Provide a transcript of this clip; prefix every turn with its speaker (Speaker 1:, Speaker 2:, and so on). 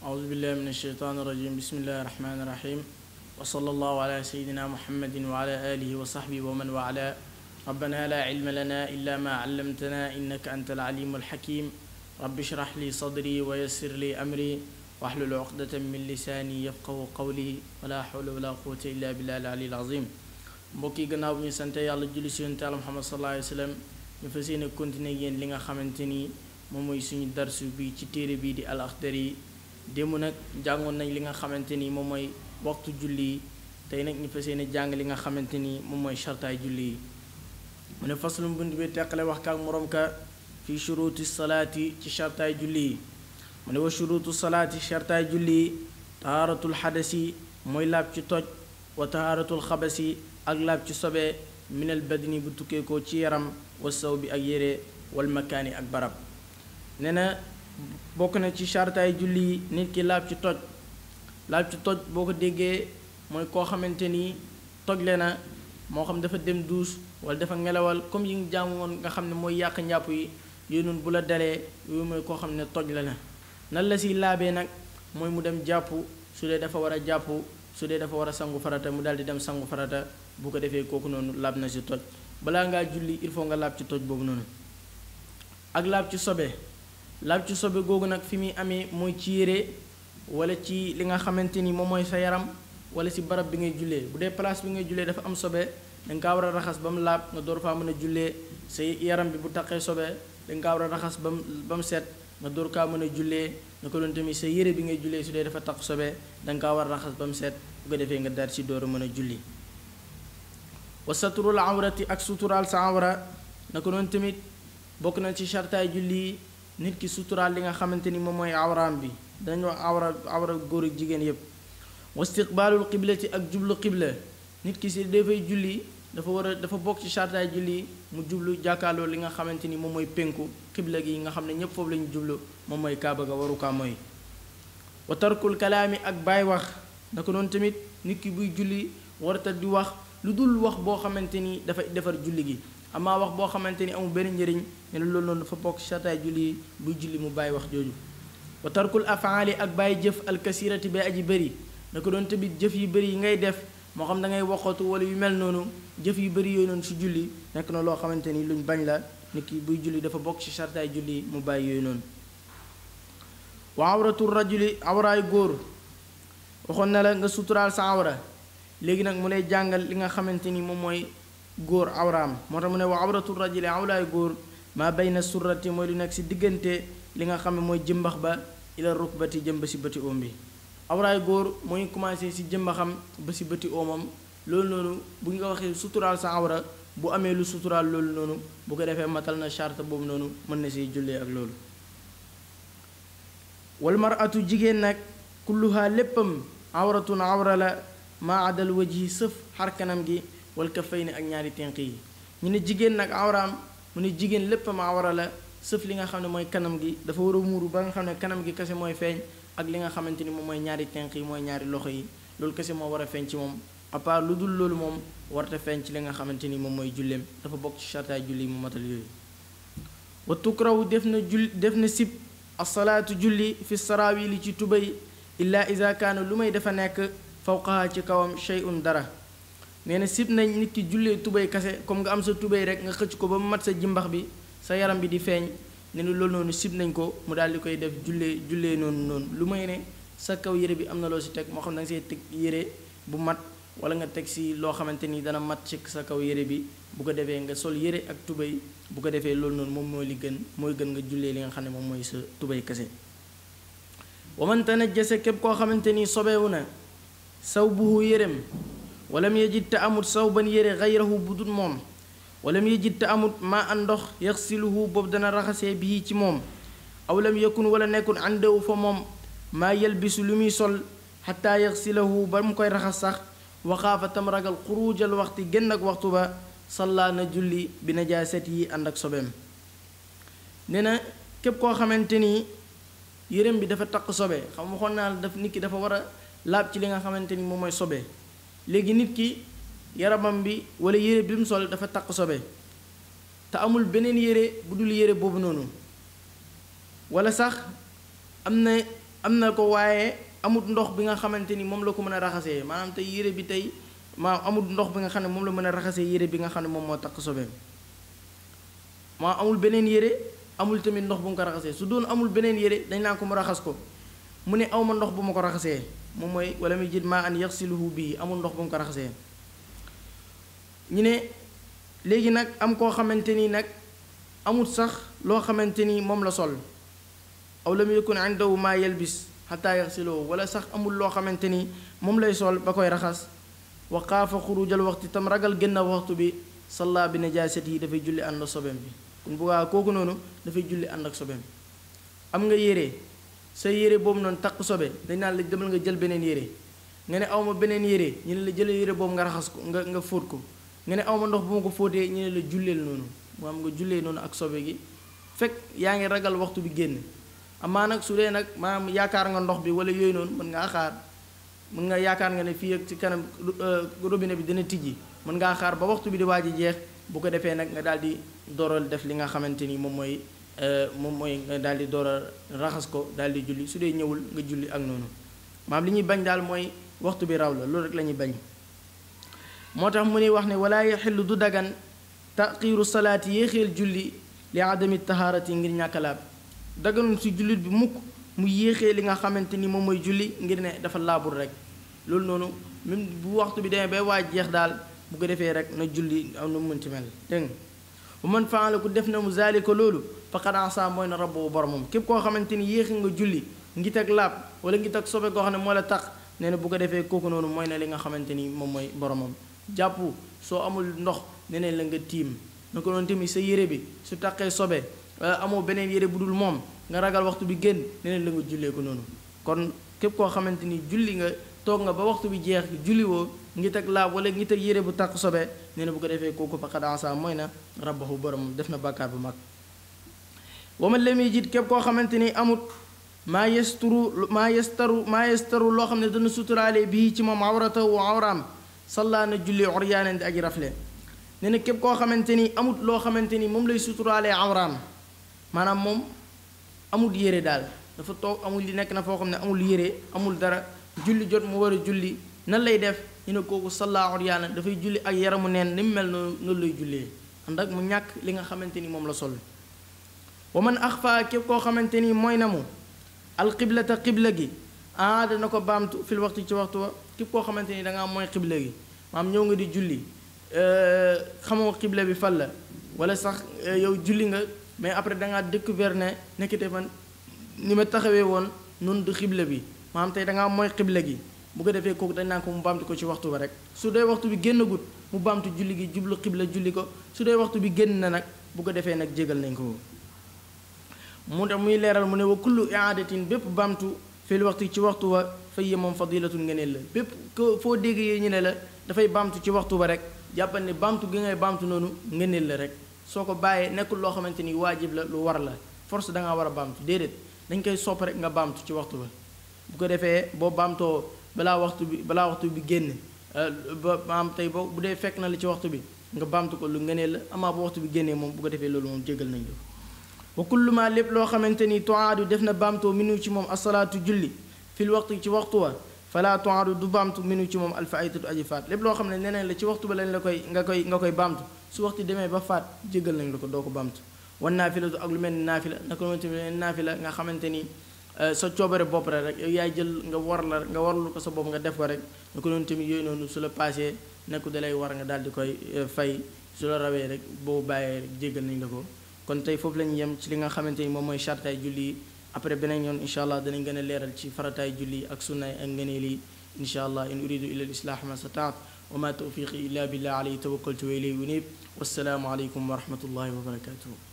Speaker 1: أعوذ بالله من الشيطان الرجيم بسم الله الرحمن الرحيم وصلى الله على سيدنا محمد وعلى آله وصحبه ومن والاه ربنا لا علم لنا إلا ما علمتنا إنك أنت العليم الحكيم رب اشرح لي صدري ويسر لي أمري واحلل عقدة من لساني يفقه قولي ولا حول ولا قوة إلا بالله العلي العظيم mbokk yi gannaaw bu ñu sante yàlla julli si yonent Yàlla Muhammad sallallahu alayhi wa sallam ñu fas yéene continuer yéen li nga xamante ni moom mooy suñu darsu bi ci téere bii di al Axdari démb nag jàngoon nañ li nga xamante ni moom mooy waxtu julli yi tey nag ñu fas yéene jàng li nga xamante ni moom mooy shartaay julli yi mu ne faslum bunt bi teqale wax ka ak moroom ka fi shuruuti salaati ci shartaay julli yi mu ne wa shuruutu salaati shartaay julli yi tahaaratul xadasi mooy laab ci toj wa tahaaratul xabasi ak laab ci sobe minal badni bu tukkee ko ci yaram wa saw bi ak yére wal makaani ak barab nee na bokk na ci chartaay julli yi nit ki laab ci toj laab ci toj boo ko déggee mooy koo xamante ni tojle na moo xam dafa dem duus wala dafa ngelawal comme yi nga jaamu woon nga xam ne mooy yàq njàpp yi yooyu noonu bu la dalee mooy koo xam ne tojle na nan la siy laabee nag mooy mu dem jàpp su dee dafa war a jàpp su dee dafa war a sangu farata mu daal di dem sangu farata bu ko defee kooku noonu laab na si toj balaa ngaa julli il faut nga laab ci toj boobu noonu ak laab ci sobe laab ci sobe googu nag fi muy amee mooy ci yére wala ci li nga xamante ni moom mooy sa yaram wala si barab bi ngay jullee bu dee place bi ngay jullee dafa am sobe da ka war a raxas ba mu laab nga door faa mën a jullee sa yaram bi bu taqee sobe da nga war a raxas ba mu ba mu set nga door kaa mën a jullee na ko doon tamit sa yére bi ngay jullee su dee dafa taq sobe da nga kaa war a raxas ba set bu ko defee nga daal si door a mën a julli wa saturul awrati ak suturaal sa awra na ko noonu tamit bokk na ci chartaay julli nit ki suturaal li nga xamante ni moom mooy awraam bi dañu wax awra awra góor jigéen yépp wa istiqbaalul qiblati ak jublu qibla nit ki si dafay julli dafa war a dafa bokk ci chartaay julli mu jublu jàkkaaloo li nga xamante ni moom mooy pénku qibla gi nga xam ne ñépp foofu la ñu jublu moom mooy kaaba ga waru kaa mooy wa kalaami ak baay wax naka noonu tamit nit ki buy julli warta di wax lu dul wax boo xamante ni dafay defar julli gi amaa wax boo xamante ni amul benn njëriñ ne la loolu noonu dafa bokk sataay julli buy julli mu bàyyi wax jooju wa tarkul ak bàyyi jëf alkasirati bay aji bëri na ko doon tamit jëf yu bëri yi ngay def moo xam da ngay waxatu wala yu mel noonu jëf yu bëri yooyu noonu si julli nekk na loo xamante ni luñ bañ la nit ki buy julli dafa bokk si sartaay julli mu bàyyi yooyu noonu wa awratu rajuli awraay góor waxoon na la nga suturaal sa léegi nag mu lay jàngal li nga xamante ni moom mooy góor awraam moo tax mu ne wa awratu rajuli awlaay góor maa bayna surrati mooy lu nekk si diggante li nga xam ne mooy jëmbax ba ila rukbati jëm ba si bëti oom bi awraay góor mooy commencé si jëmbaxam ba si bëti oomam loolu noonu bu nga waxee suturaal sa awra bu amee lu suturaal loolu noonu bu ko defee matal na charte boobu noonu mën na siy jullee ak loolu wal maratu jigéen nag kulluhaa léppam awratun awra la maa adal waji sëf xar kanam gi wal ka fay ni ak ñaari tenq yi ñu ne jigéen nag awraam mu ne jigéen lépp war a la sëf li nga xam ne mooy kanam gi dafa war a muuru ba nga xam ne kanam gi kese mooy feeñ ak li nga xamante ni moom mooy ñaari tenq yi mooy ñaari loxo yi loolu kese moo war a feeñ ci moom à lu dul loolu moom warta feeñ ci li nga xamante ni moom mooy julleem dafa bokk ci sartaay julli mu matal yooyu wa tukrahu def na jul def na sib asalaatu julli fi saraawili ci tubay illaa isa kaana lu may dafa nekk fawqaha ci kawam shay'un dara nee na sib nañ nit ki jullee tubéy kase comme nga am sa tubéy rek nga xëcc ko ba mu mat sa jimbax bi sa yaram bi di feeñ ne ni loolu noonu sib nañ ko mu daal di koy def jullee jullee noonu noonu lu may ne sa kaw yére bi am na loo si teg moo xam da see teg yére bu mat wala nga teg si loo xamante ni dana mat ci sa kaw yére bi bu ko defee nga sol yére ak tubéy bu ko defee loolu noonu moom mooy li gën mooy gën nga jullee li nga xam ne moom mooy sa tubéy kase wa man tanajjasa képp koo xamante ni sobeewu na saw buhu yérem walam yajid te amut sawban yére xayrahu bu dul moom walam yajid te amut maa an ndox yaxsiluhu boobu dana raxasee bii ci moom aw lam yakun wala nekkul àndewu fa moom ma yelbisu lu muy sol xataa yaxsilahu ba mu koy raxas sax waxaafa tam ragal xuruujal waxti génn ak waxtu ba sallaa na julli bi najaaset yi ànd ak sobeem nee na képp koo xamante ni yërëm bi dafa taq sobe xam waxoon naa la daf nikki dafa war a laab ci li nga xamante ni moom mooy sobe léegi nit ki yaramam bi wala yére bi mu sol dafa taq sobe te amul beneen yére bu dul yére boobu noonu wala sax am na am na ko waaye amut ndox bi nga xamante ni moom la ko mën a raxasee maanaam tey yére bi tey maa amul ndox bi nga xam ne moom la mën a raxasee yére bi nga xam ne moom moo taq sobe maa amul beneen yére amul tamit ndox bu nga ko raxasee su doon amul beneen yére dañ naa ko mu raxas ko mu ne awma ndox bu ma ko raxasee moom mooy wala muy jid maa an yaxsiluhu bii amul ndox bu ma ko raxasee ñu ne léegi nag am koo xamante nii nag amul sax loo xamante ni moom la sol aw lam yakun indahu maa yelbis xataa yaxsiluhu wala sax amul loo xamante ni moom lay sol ba koy raxas wa xaafa xurujal waxti tam ragal génn waxtu bi salla bi najaasat yi dafay julli ànd ak sobeem bi kon bu kooku noonu dafay julli ànd ak sobeem am nga yére sa yére boobu noonu takk sobe dañ naan la demal nga jël beneen yére nga ne awma beneen yére ñu ne la jëlee yére boobu nga raxas ko nga nga fóot ko nga ne awma ndox bu ma ko fóotee ñu ne la julleel noonu mu am nga jullee noonu ak sobe gi fekk yaa ngi ragal waxtu bi génn amaa nag su dee nag maanaam yaakaar nga ndox bi wala yooyu noonu mën ngaa xaar mën nga yaakaar nga ne fii ak ci kanam euh, robinet bi dina tijji mën ngaa xaar ba waxtu bi di waaj a jeex bu ko defee nag nga daal di doral def li nga xamante ni moom mooy Euh, moom mooy nga daal di door a raxas ko daal di julli su dee ñëwul nga julli ak noonu maam li ñuy bañ daal mooy waxtu bi raw la loolu rek la bañ moo tax mu ne wax ne wala yaxillu du dagan taqiiru salaati yéexeel julli li adami tahaarati ngir ñàkkalaab daganul si jullit bi mukk mu yéexee li nga xamante ni moom mooy julli ngir ne dafa laabul rek loolu noonu mu bu waxtu bi demee bay waa jeex daal bu ko defee rek na julli am na mu mënti mel dégg nga bu man faala ku def na mu zaali loolu faqad asa mooy na rab rabbu boromam képp koo xamante ni yéex nga julli ngit ak laab wala ngit ak sobe goo xam ne moo la tax nee na bu ko defee kooku noonu mooy na li nga xamante ni moom mooy boromam soo amul ndox nee la nga tiim na ko noonu tamit sa yére bi su taqee sobe amoo beneen yére bu dul moom nga ragal waxtu bi génn nee la nga jullee ko noonu kon képp koo xamante ni julli nga toog nga ba waxtu bi jeex julli woo ngit ak laab wala ngit ak yére bu taq sobe nee na bu ko defee kooku faqad asa mooy na rabbahu boromam def na bàkkaar bu mag wa man lam yajid képp koo xamante ni amut maa yestaru maa yestaru maa yestaru loo xam ne dana suturaale bii ci moom awrata wa awraam sallaa na julli uryaanan di aji rafle nee na képp koo xamante ni amut loo xamante ni moom lay suturaalee awraam maanaam moom amul yére daal dafa toog amul li nekk na foo xam ne amul yére amul dara julli jot mu war a julli nan lay def ñu ne kooku sallaa yàlla dafay julli ak yaramu neen ni mu mel noonu noonu lay jullee ànd ak mu ñàkk li nga xamante ni moom la sol wa man axfa képp koo xamante ni mooy na mu alqiblata qibla gi aada ah, na ko baamtu fil waxtu ci waxtu wa képp koo xamante ni da ngaa mooy qibla gi maam ñëw nga di julli euh, xamoo qibla bi fan la wala sax euh, yow julli nga mais après da ngaa découvert ne nekkite man ni ma taxawee woon noonu du qibla bi maam tey da mooy qibla gi bu ko defee kooku dañ naan ko mu baamtu ko ci waxtu ba rek su dee waxtu bi génn gut mu baamtu julli gi jublu qibla julli ko su dee waxtu bi génn na nag bu ko defee nag jégal nañ ko. mu ne muy leeral mu ne wa kullu iaadatin bépp bamtu fil waxtu ci waxtu wa fay moom fadilatun ngeneel la bépp foo déggee ñu ne la dafay bamtu ci waxtu ba rek jàppal ne bamtu gi ngay bamtu noonu ngeneel la rek soo ko bàyyee nekkul loo xamante ni waajib la lu war la force danga war a bamtu déedéet dañ koy sopp rek nga bamtu ci waxtu ba bu ko defee boo bamtoo balaa waxtu bi balaa waxtu bi génn euh, ba maam tey boo bu dee fekk na la ci waxtu bi nga bamtu ko lu ngeneel la amaa bu bi génnee moom bu ko defee loolu moom jégal wa kullu lépp loo xamante ni tuaadu def na baamtoo minu ci moom asalaatu julli fil waxtu ci waxtu wa fala tuaadu du baamtu minu ci moom alfaitatu aji faat lépp loo xam ne neneen la ci waxtu ba lañ la koy nga koy nga koy baamtu su waxtu demee ba faat jéggal nañ la ko doo ko baamtu wan la ak lu mel ni naafila naka lu mel ni la nga xamante ni euh, sa coobare bopp rek yow yaay jël nga war la nga warlu ko sa bopp nga def ko rek naka noonu tamit yooyu noonu su paasee nekku dalay war nga daal di koy euh, fay su la rawee rek boo bàyyee rek jéggal nañ la ko kon tey foofu la ñu yem ci li nga xamante ni moom mooy chartaay julli yi après beneen yoon incha allah danañ gën a leeral ci farataay julli ak sunnaay ak ngëneel yi incha allah in uridu illa al islaax ma sataat wa ma tawfiqi illa billah alayhi tawakkaltu wa ilayhi unib wassalaamu aleykum wa rahmatullahi wa barakatuhu